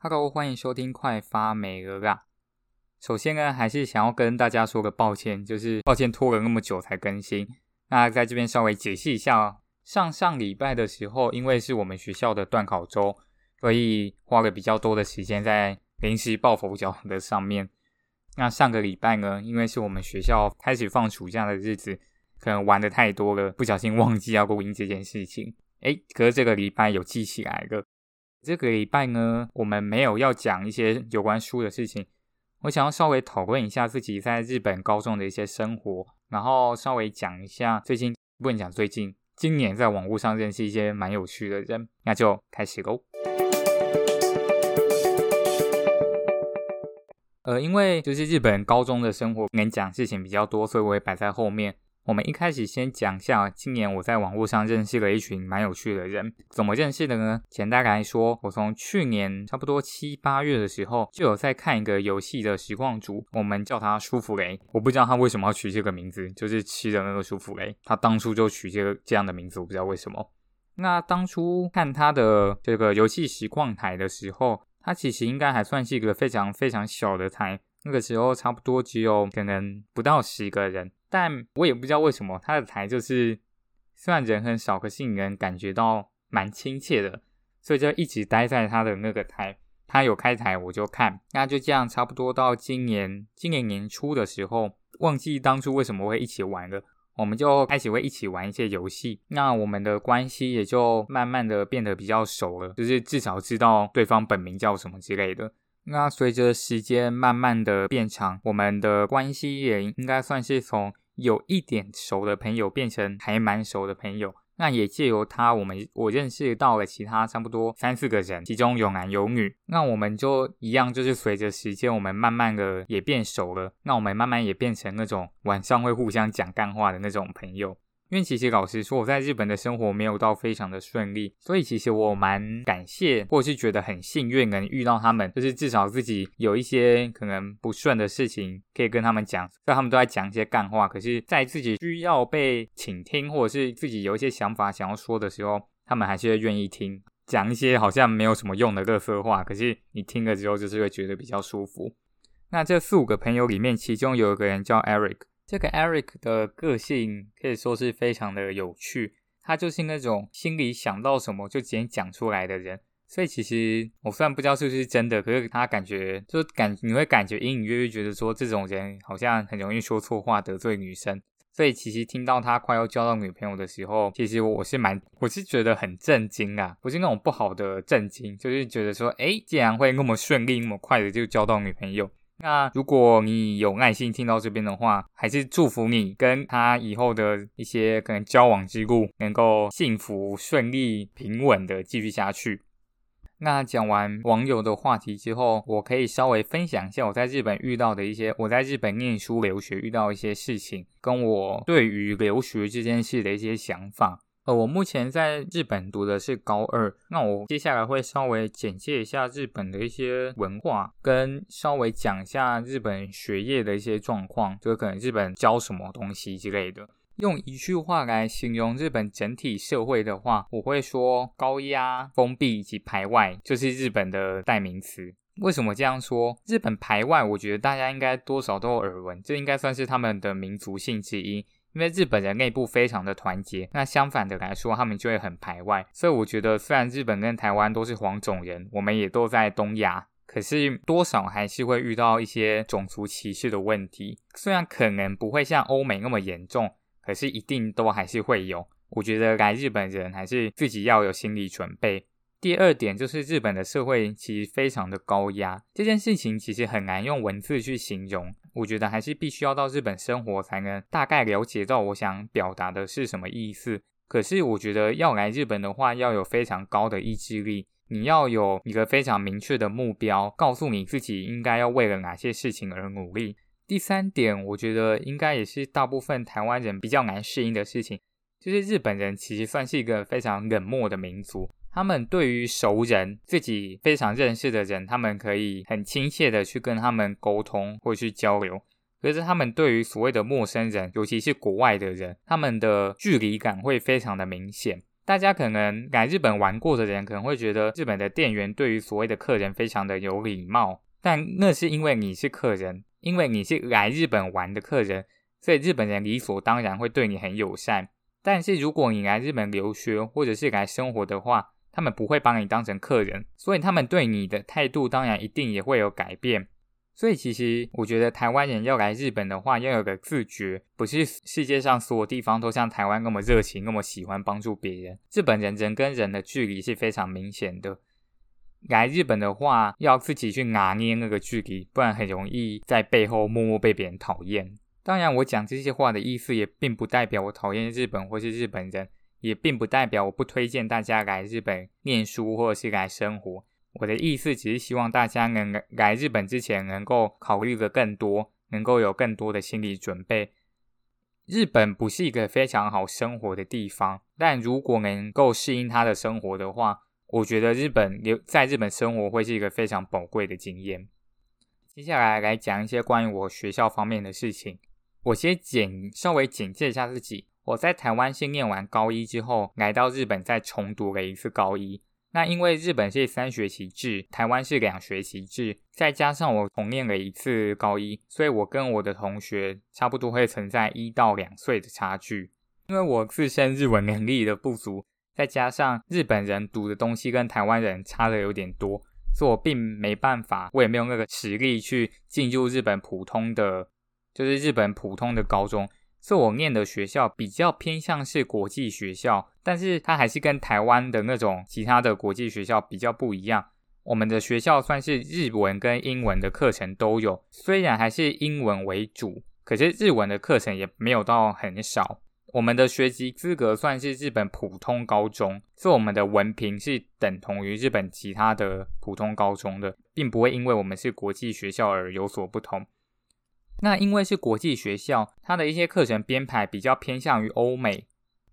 哈嘍，歡迎收聽《快發美額》啊！首先呢，還是想要跟大家說個抱歉，就是抱歉拖了那麼久才更新。那在這邊稍微解釋一下哦。上上禮拜的時候，因為是我們學校的段考週，所以花了比較多的時間在臨時抱佛腳的上面。那上個禮拜呢，因為是我們學校開始放暑假的日子，可能玩得太多了，不小心忘記要錄音這件事情。誒，可是這個禮拜有記起來了。這個禮拜呢，我們沒有要講一些有關書的事情，我想要稍微討論一下自己在日本高中的一些生活，然後稍微講一下最近，不能講最近，今年在網絡上認識一些蠻有趣的人，那就開始咯。呃，因為就是日本高中的生活能講事情比較多，所以我會擺在後面。我們一開始先講一下，今年我在網絡上認識了一群蠻有趣的人，怎麼認識的呢？簡單來說，我從去年差不多七八月的時候，就有在看一個遊戲的實況主，我們叫他舒芙蕾。我不知道他為什麼要取這個名字，就是吃的那個舒芙蕾。他當初就取這個這樣的名字，我不知道為什麼。那當初看他的這個遊戲實況台的時候，他其實應該還算是一個非常非常小的台。那個時候差不多只有可能不到十個人，但我也不知道為什麼他的台就是雖然人很少，可是你能感覺到蠻親切的，所以就一直待在他的那個台。他有開台我就看，那就這樣差不多到今年今年年初的時候，忘記當初為什麼會一起玩了，我們就開始會一起玩一些遊戲，那我們的關係也就慢慢的變得比較熟了，就是至少知道對方本名叫什麼之類的。那隨着時間慢慢的變長，我們的關係也應該算是從有一點熟的朋友變成還蠻熟的朋友。那也借由他，我們我認識到了其他差不多三四個人，其中有男有女。那我們就一樣，就是隨着時間我們慢慢的也變熟了。那我們慢慢也變成那種晚上會互相講幹話的那種朋友。因為其實老實說，我在日本的生活沒有到非常的順利，所以其實我蠻感謝，或者是覺得很幸運，能遇到他們。就是至少自己有一些可能不順的事情，可以跟他們講。所以他們都在講一些幹話，可是，在自己需要被傾聽，或者是自己有一些想法想要說的時候，他們還是會願意聽，講一些好像沒有什麼用的垃圾話。可是你聽了之後，就是會覺得比較舒服。那這四五個朋友裡面，其中有一個人叫 Eric。這個 Eric 的個性可以說是非常的有趣，他就是那種心裡想到什麼就直接講出來的人。所以其實我雖然不知道是不是真的，可是他感覺就感，你會感覺隱隱約約覺得說這種人好像很容易說錯話得罪女生。所以其實聽到他快要交到女朋友的時候，其實我是蠻我是覺得很震驚啊，不是那種不好的震驚，就是覺得說，誒，竟然會那麼順利那麼快的就交到女朋友。那如果你有耐心聽到這邊的話，還是祝福你跟他以後的一些可能交往之路能夠幸福、順利、平穩的繼續下去。那講完網友的話題之後，我可以稍微分享一下我在日本遇到的一些，我在日本念書留學遇到一些事情，跟我對於留學這件事的一些想法。呃，我目前在日本讀的是高二，那我接下來會稍微簡介一下日本的一些文化，跟稍微講一下日本學業的一些狀況，就是可能日本教什麼東西之類的。用一句話來形容日本整體社會的話，我會說高壓、封閉以及排外，就是日本的代名詞。為什麼這樣說？日本排外，我覺得大家應該多少都有耳聞，這應該算是他們的民族性之一。因為日本人內部非常的團結，那相反的來說，他們就會很排外。所以我覺得，雖然日本跟台灣都是黃種人，我們也都在東亞，可是多少還是會遇到一些種族歧視的問題。雖然可能不會像歐美那麼嚴重，可是一定都還是會有。我覺得來日本人還是自己要有心理準備。第二點就是日本的社會其實非常的高壓，這件事情其實很難用文字去形容。我覺得還是必須要到日本生活，才能大概了解到我想表達的是什麼意思。可是我覺得要來日本的話，要有非常高的意志力，你要有一個非常明確的目標，告訴你自己應該要為了哪些事情而努力。第三點，我覺得應該也是大部分台灣人比較難適應的事情，就是日本人其實算是一個非常冷漠的民族。他們對於熟人、自己非常認識的人，他們可以很親切的去跟他們溝通或去交流。可是他們對於所謂的陌生人，尤其是國外的人，他們的距離感會非常的明顯。大家可能來日本玩過的人，可能會覺得日本的店員對於所謂的客人非常的有禮貌，但那是因為你是客人，因為你是來日本玩的客人，所以日本人理所當然會對你很友善。但是如果你來日本留學或者是來生活的話，他們不會把你當成客人，所以他們對你的態度當然一定也會有改變。所以其實我覺得台灣人要來日本的話，要有個自覺，不是世界上所有地方都像台灣那麼熱情，那麼喜歡幫助別人。日本人人跟人的距離是非常明顯的，來日本的話要自己去拿捏那個距離，不然很容易在背後默默被別人討厭。當然，我講這些話的意思也並不代表我討厭日本或是日本人。也並不代表我不推薦大家來日本念書或者是來生活。我的意思只是希望大家能來日本之前能夠考慮的更多，能夠有更多的心理準備。日本不是一個非常好生活的地方，但如果能夠適應它的生活的話，我覺得日本留在日本生活會是一個非常寶貴的經驗。接下來來講一些關於我學校方面的事情。我先簡，稍微簡介一下自己。我在台灣先念完高一之後，來到日本再重讀了一次高一。那因為日本是三學期制，台灣是兩學期制，再加上我重念了一次高一，所以我跟我的同學差不多會存在一到兩歲的差距。因為我自身日文能力的不足，再加上日本人讀的東西跟台灣人差的有點多，所以我並沒辦法，我也沒有那個實力去進入日本普通的，就是日本普通的高中。這我念的學校比較偏向是國際學校，但是它還是跟台灣的那種其他的國際學校比較不一樣。我們的學校算是日文跟英文的課程都有，雖然還是英文為主，可是日文的課程也沒有到很少。我們的學籍資格算是日本普通高中，所以我們的文憑是等同於日本其他的普通高中的，並不會因為我們是國際學校而有所不同。那因為是國際學校，它的一些課程編排比較偏向於歐美。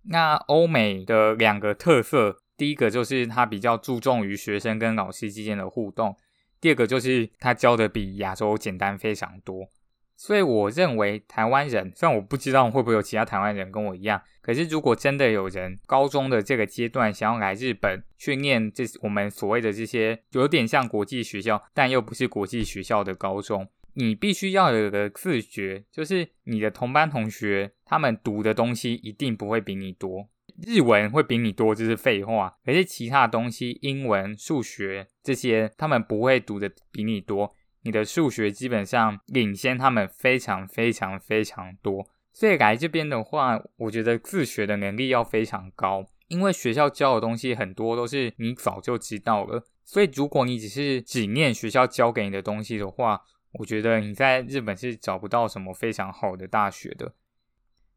那歐美的兩個特色，第一個就是它比較注重於學生跟老師之間的互動；第二個就是它教的比亞洲簡單非常多。所以我認為，台灣人，雖然我不知道會不會有其他台灣人跟我一樣，可是如果真的有人高中的這個階段想要來日本，去念這，我們所謂的這些，有點像國際學校，但又不是國際學校的高中。你必須要有個自覺，就是你的同班同學，他們讀的東西一定不會比你多。日文會比你多，這、就是廢話。可是其他東西，英文、數學這些，他們不會讀的比你多。你的數學基本上領先他們非常非常非常多。所以來這邊的話，我覺得自學的能力要非常高，因為學校教的東西很多都是你早就知道了。所以如果你只是只念學校教給你的東西的話，我覺得你在日本是找不到什麼非常好的大學的。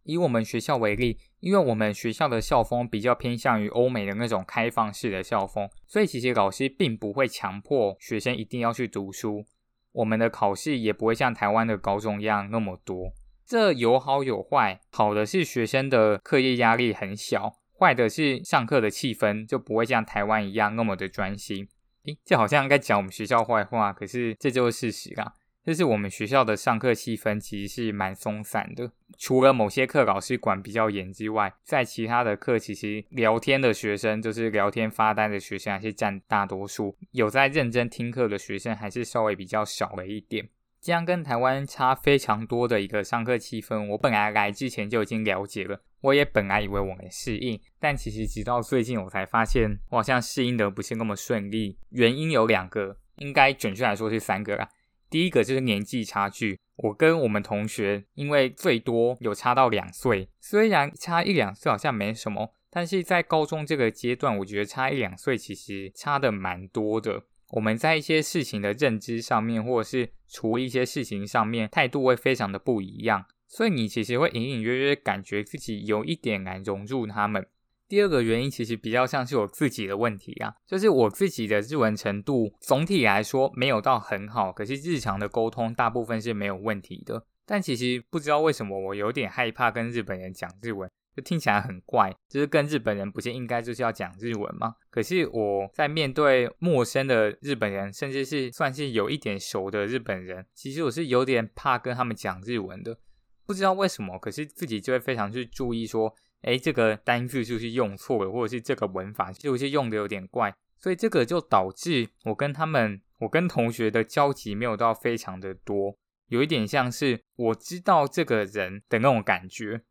以我們學校為例，因為我們學校的校風比較偏向於歐美的那種開放式的校風，所以其實老師並不會強迫學生一定要去讀書，我們的考試也不會像台灣的高中一樣那麼多。這有好有壞，好的是學生的課業壓力很小，壞的是上課的氣氛就不會像台灣一樣那麼的專心。哎，這好像應該講我們學校壞話，可是這就是事實啊。就是我們學校的上課氣氛，其實是蠻鬆散的。除了某些課老師管比較嚴之外，在其他的課，其實聊天的學生就是聊天發呆的學生還是占大多數，有在認真聽課的學生還是稍微比較少了一點。這樣跟台灣差非常多的一個上課氣氛，我本來來之前就已經了解了，我也本來以為我能適應，但其實直到最近我才發現，我好像適應的不是那麼順利。原因有兩個，應該準確來說是三個啦。第一個就是年紀差距，我跟我們同學，因為最多有差到兩歲，雖然差一兩歲好像沒什麼，但是在高中這個階段，我覺得差一兩歲其實差的蠻多的。我們在一些事情的認知上面，或者是處理一些事情上面，態度會非常的不一樣，所以你其實會隱隱約約感覺自己有一點難融入他們。第二個原因其實比較像是我自己的問題啊，就是我自己的日文程度總體來說沒有到很好，可是日常的溝通大部分是沒有問題的。但其實不知道為什麼，我有點害怕跟日本人講日文，就聽起來很怪。就是跟日本人不是應該就是要講日文嗎？可是我在面對陌生的日本人，甚至是算是有一點熟的日本人，其實我是有點怕跟他們講日文的。不知道為什麼，可是自己就會非常去注意說。哎、欸，這個單字是不是用錯了，或者是這個文法是不是用的有點怪，所以這個就導致我跟他們，我跟同學的交集沒有到非常的多，有一點像是我知道這個人的那種感覺，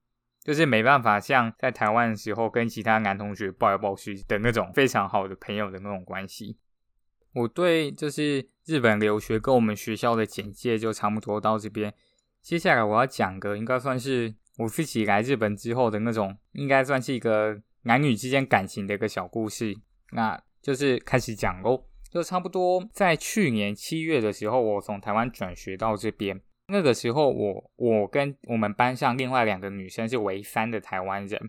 就是沒辦法像在台灣的時候跟其他男同學抱來抱去的那種非常好的朋友的那種關係。我對，就是日本留學跟我們學校的簡介就差不多到這邊，接下來我要講個應該算是，我自己來日本之後的那種，應該算是一個男女之間感情的一個小故事。那就是開始講嘍，就差不多在去年七月的時候，我從台灣轉學到這邊。那個時候我，我我跟我們班上另外兩個女生是唯三的台灣人。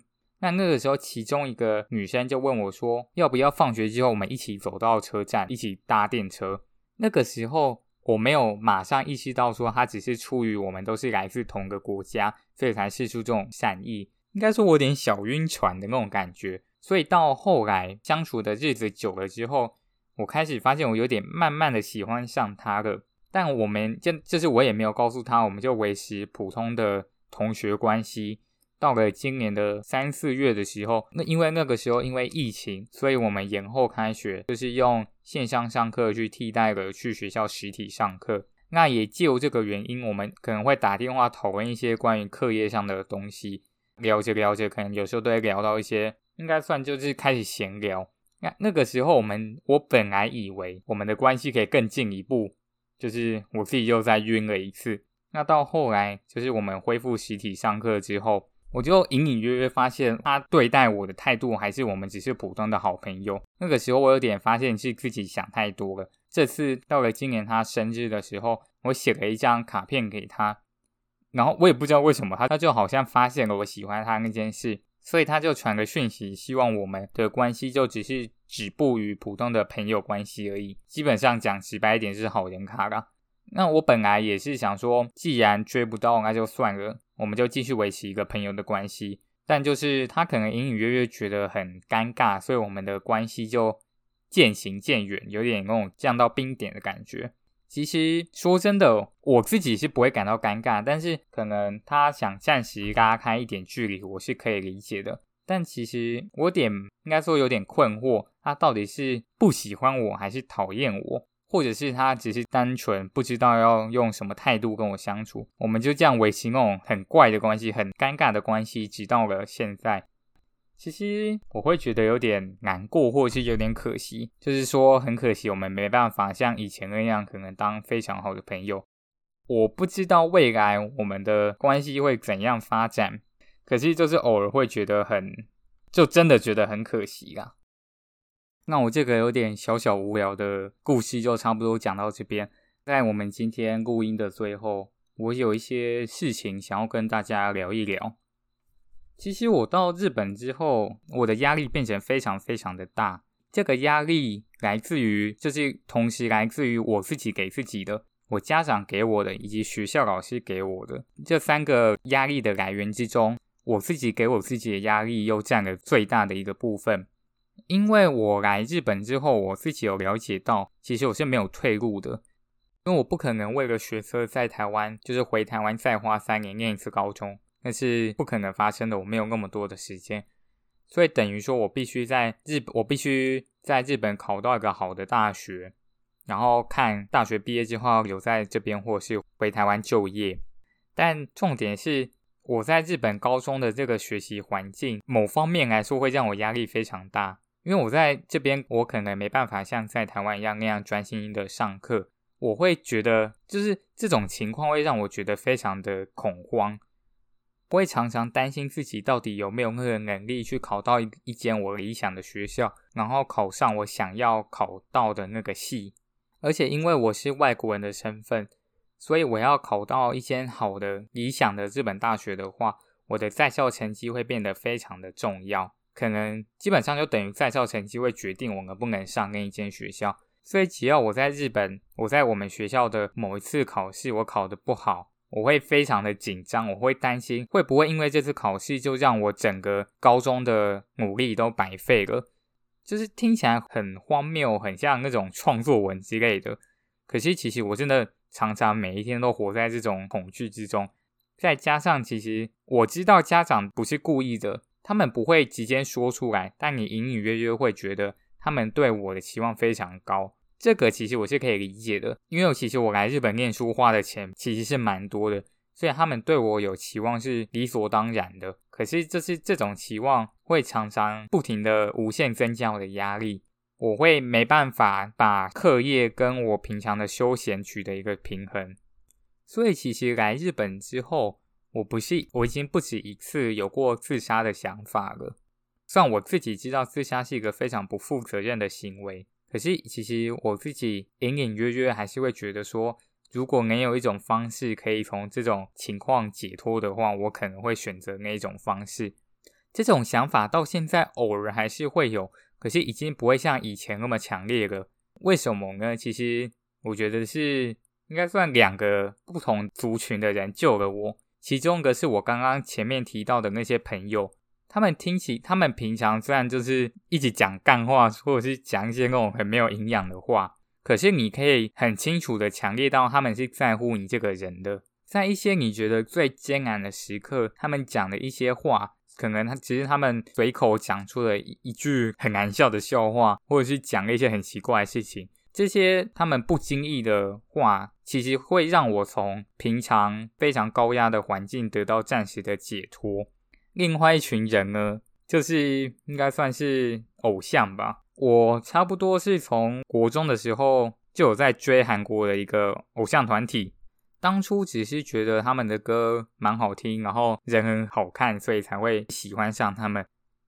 那那個時候，其中一個女生就問我說：“要不要放學之後我們一起走到車站，一起搭電車？”那個時候。我沒有馬上意識到，說他只是出於我們都是來自同一個國家，所以才釋出這種善意。應該說，我有點小暈船的那種感覺。所以到後來相處的日子久了之後，我開始發現我有點慢慢的喜歡上他了。但我們這，就是我也沒有告訴他，我們就維持普通的同學關係。到了今年的三四月的時候，那因為那個時候因為疫情，所以我們延後開學，就是用線上上課去替代了去學校實體上課。那也就這個原因，我們可能會打電話討論一些關於課業上的東西，聊着聊着，可能有時候都會聊到一些，應該算就是開始閒聊。那那個時候，我們，我本來以為我們的關係可以更進一步，就是我自己又再暈了一次。那到後來，就是我們恢復實體上課之後。我就隱隱約約發現他對待我的態度還是我們只是普通的好朋友。那個時候我有點發現是自己想太多了。這次到了今年他生日的時候，我寫了一張卡片給他，然後我也不知道為什麼他他就好像發現了我喜歡他那件事，所以他就傳個訊息，希望我們的關係就只是止步於普通的朋友關係而已。基本上講直白一點是好人卡啦。那我本來也是想說，既然追不到，那就算了。我們就繼續維持一個朋友的關係，但就是他可能隱隱約約覺得很尷尬，所以我們的關係就漸行漸遠，有點那種降到冰點的感覺。其實說真的，我自己是不會感到尷尬，但是可能他想暫時拉開一點距離，我是可以理解的。但其實我有點應該說有點困惑，他到底是不喜歡我還是討厭我，或者是他只是單純不知道要用什麼態度跟我相處，我們就這樣維持那種很怪的關係、很尷尬的關係，直到了現在。其實我會覺得有點難過，或者是有點可惜，就是說很可惜我們沒辦法像以前那樣，可能當非常好的朋友。我不知道未來我們的關係會怎樣發展，可是就是偶爾會覺得很，就真的覺得很可惜啊。那我這個有點小小無聊的故事就差不多講到這邊。在我們今天錄音的最後，我有一些事情想要跟大家聊一聊。其實我到日本之後，我的壓力變成非常非常的大。這個壓力來自於就是同時來自於我自己給自己的、我家長給我的以及學校老師給我的這三個壓力的來源之中，我自己給我自己的壓力又佔了最大的一個部分。因為我來日本之後，我自己有了解到，其實我是沒有退路的，因為我不可能為了學車在台灣，就是回台灣再花三年念一次高中，那是不可能發生的。我沒有那麼多的時間，所以等於說我必須在日，我必須在日本考到一個好的大學，然後看大學畢業之後留在這邊，或是回台灣就業。但重點是，我在日本高中的這個學習環境，某方面來說會讓我壓力非常大。因為我在這邊，我可能沒辦法像在台灣一樣那樣專心的上課，我會覺得就是這種情況會讓我覺得非常的恐慌，我會常常擔心自己到底有沒有那個能力去考到一一間我理想的學校，然後考上我想要考到的那個系，而且因為我是外國人的身份，所以我要考到一間好的理想的日本大學的話，我的在校成績會變得非常的重要。可能基本上就等於在校成績會決定我能不能上那一間學校，所以只要我在日本，我在我們學校的某一次考試我考得不好，我會非常的緊張，我會擔心會不會因為這次考試就讓我整個高中的努力都白費了，就是聽起來很荒謬，很像那種創作文之類的。可惜其實我真的常常每一天都活在這種恐懼之中，再加上其實我知道家長不是故意的。他們不會直接說出來，但你隱隱約約會覺得他們對我的期望非常高。這個其實我是可以理解的，因為其實我來日本念書花的錢其實是蠻多的，所以他們對我有期望是理所當然的。可是，這是這種期望會常常不停地無限增加我的壓力，我會沒辦法把課業跟我平常的休閒取得一個平衡。所以，其實來日本之後。我不是，我已經不止一次有過自殺的想法了。雖然我自己知道自殺是一個非常不負責任的行為，可是其實我自己隱隱約約還是會覺得說，如果能有一種方式可以從這種情況解脫的話，我可能會選擇那一種方式。這種想法到現在偶爾還是會有，可是已經不會像以前那麼強烈了。為什麼呢？其實我覺得是應該算兩個不同族群的人救了我。其中一個是我剛剛前面提到的那些朋友，他們聽起他們平常雖然就是一直講幹話，或者是講一些那種很沒有營養的話，可是你可以很清楚的、強烈到他們是在乎你這個人的。在一些你覺得最艱難的時刻，他們講的一些話，可能他其實他們隨口講出了一，一句很難笑的笑話，或者是講了一些很奇怪的事情。這些他們不經意的話，其實會讓我從平常非常高壓的環境得到暫時的解脫。另外一群人呢，就是應該算是偶像吧。我差不多是從國中的時候就有在追韓國的一個偶像團體，當初只是覺得他們的歌蠻好聽，然後人很好看，所以才會喜歡上他們。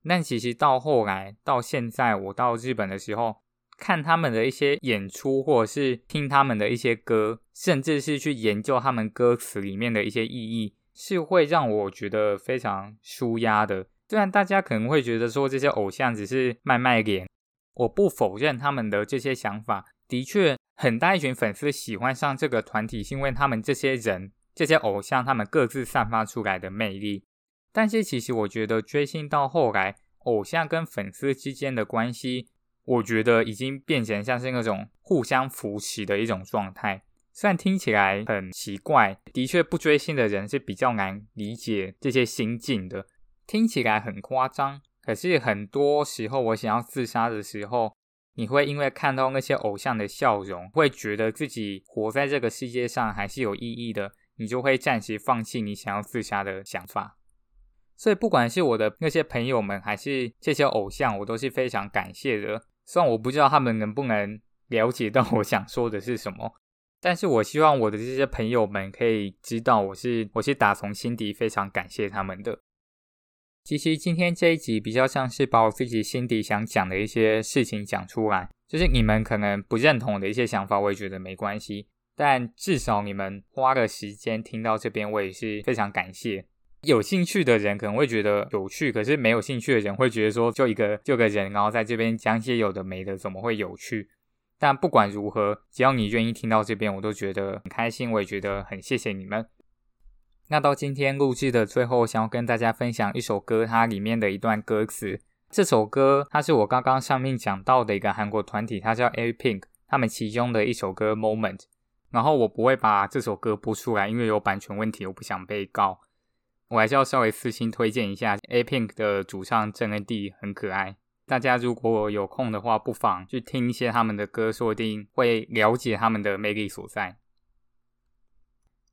但其實到後來，到現在，我到日本的時候。看他們的一些演出，或者是聽他們的一些歌，甚至是去研究他們歌詞裡面的一些意義，是會讓我覺得非常舒壓的。雖然大家可能會覺得說這些偶像只是賣賣臉，我不否認他們的這些想法。的確，很大一群粉絲喜歡上這個團體，是因為他們這些人、這些偶像他們各自散發出來的魅力。但是，其實我覺得追星到後來，偶像跟粉絲之間的關係。我覺得已經變成像是那種互相扶持的一種狀態，雖然聽起來很奇怪，的確不追星的人是比較難理解這些心境的。聽起來很誇張，可是很多時候我想要自殺的時候，你會因為看到那些偶像的笑容，會覺得自己活在這個世界上還是有意義的，你就會暫時放棄你想要自殺的想法。所以不管是我的那些朋友們，還是這些偶像，我都是非常感謝的。雖然我不知道他們能不能了解到我想說的是什麼，但是我希望我的這些朋友們可以知道我，我是我是打從心底非常感謝他們的。其實今天這一集比較像是把我自己心底想講的一些事情講出來，就是你們可能不認同的一些想法，我也覺得沒關係。但至少你們花了時間聽到這邊，我也是非常感謝。有興趣的人可能會覺得有趣，可是沒有興趣的人會覺得說就一個，就一個就個人，然後在這邊講些有的沒的，怎麼會有趣？但不管如何，只要你願意聽到這邊，我都覺得很開心，我也覺得很謝謝你們。那到今天錄制的最後，想要跟大家分享一首歌，它裡面的一段歌詞。這首歌它是我剛剛上面講到的一個韓國團體，它叫 A Pink，他們其中的一首歌《Moment》。然後我不會把這首歌播出來，因為有版權問題，我不想被告。我還是要稍微私心推薦一下 A Pink 的主唱鄭恩地，很可愛。大家如果有空的話，不妨去聽一些他們的歌說的，說不定會了解他們的魅力所在。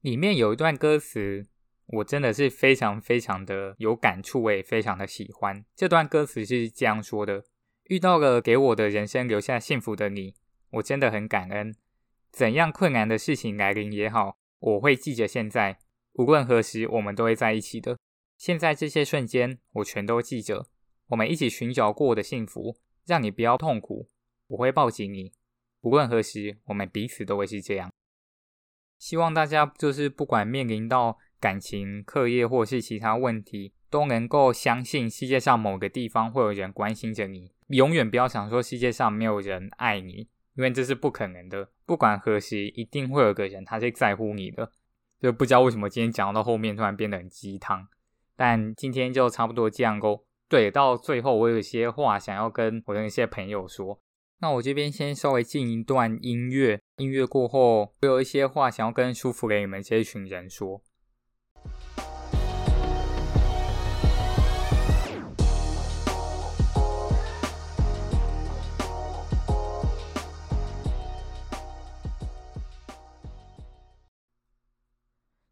裡面有一段歌詞，我真的是非常非常的有感觸，我也非常的喜歡。這段歌詞是這樣說的：“遇到了給我的人生留下幸福的你，我真的很感恩。怎樣困難的事情來臨也好，我會記着現在。”不論何時，我們都會在一起的。現在這些瞬間，我全都記着。我們一起尋找過的幸福，讓你不要痛苦。我會抱緊你。不論何時，我們彼此都會是這樣。希望大家就是不管面臨到感情、課業或是其他問題，都能夠相信世界上某個地方會有人關心着你。永遠不要想說世界上沒有人愛你，因為這是不可能的。不管何時，一定會有個人他是在乎你的。就不知道為什麼今天講到後面突然變得很雞湯，但今天就差不多這樣囉。對，到最後我有一些話想要跟我的那些朋友說，那我這邊先稍微進一段音樂，音樂過後我有一些話想要跟舒服給你們這一群人說。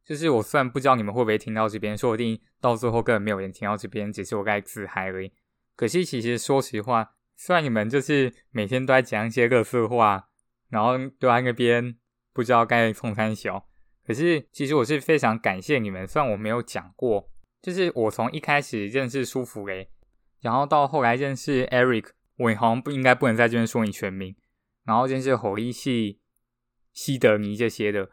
就是我雖然不知道你們會不會聽到這邊，說不定到最後根本沒有人聽到這邊，只是我該自嗨而已。可是其實說實話，雖然你們就是每天都在講一些各色話，然後都在那邊，不知道該從三小。可是其實我是非常感謝你們，雖然我沒有講過。就是我從一開始認識舒芙蕾，然後到後來認識 Eric，我好像不應該不能在這邊說你全名，然後認識侯一系、西德尼這些的。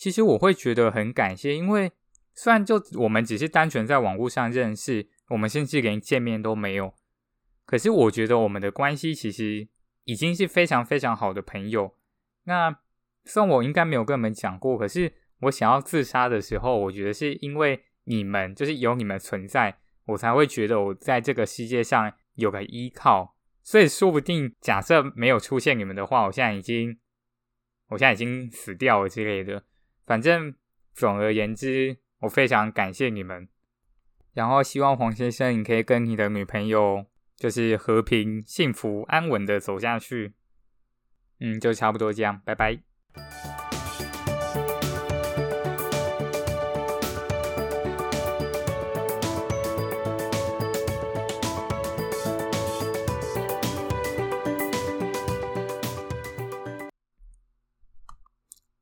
其實我會覺得很感謝，因為雖然就我們只是單純在網絡上認識，我們甚至連見面都沒有，可是我覺得我們的關係其實已經是非常非常好的朋友。那雖然我應該沒有跟你們講過，可是我想要自殺的時候，我覺得是因為你們，就是有你們存在，我才會覺得我在這個世界上有個依靠。所以說不定假設沒有出現你們的話，我現在已經我現在已經死掉了之類的。反正，總而言之，我非常感謝你們，然後希望黃先生你可以跟你的女朋友就是和平、幸福、安穩的走下去。嗯，就差不多這樣，拜拜。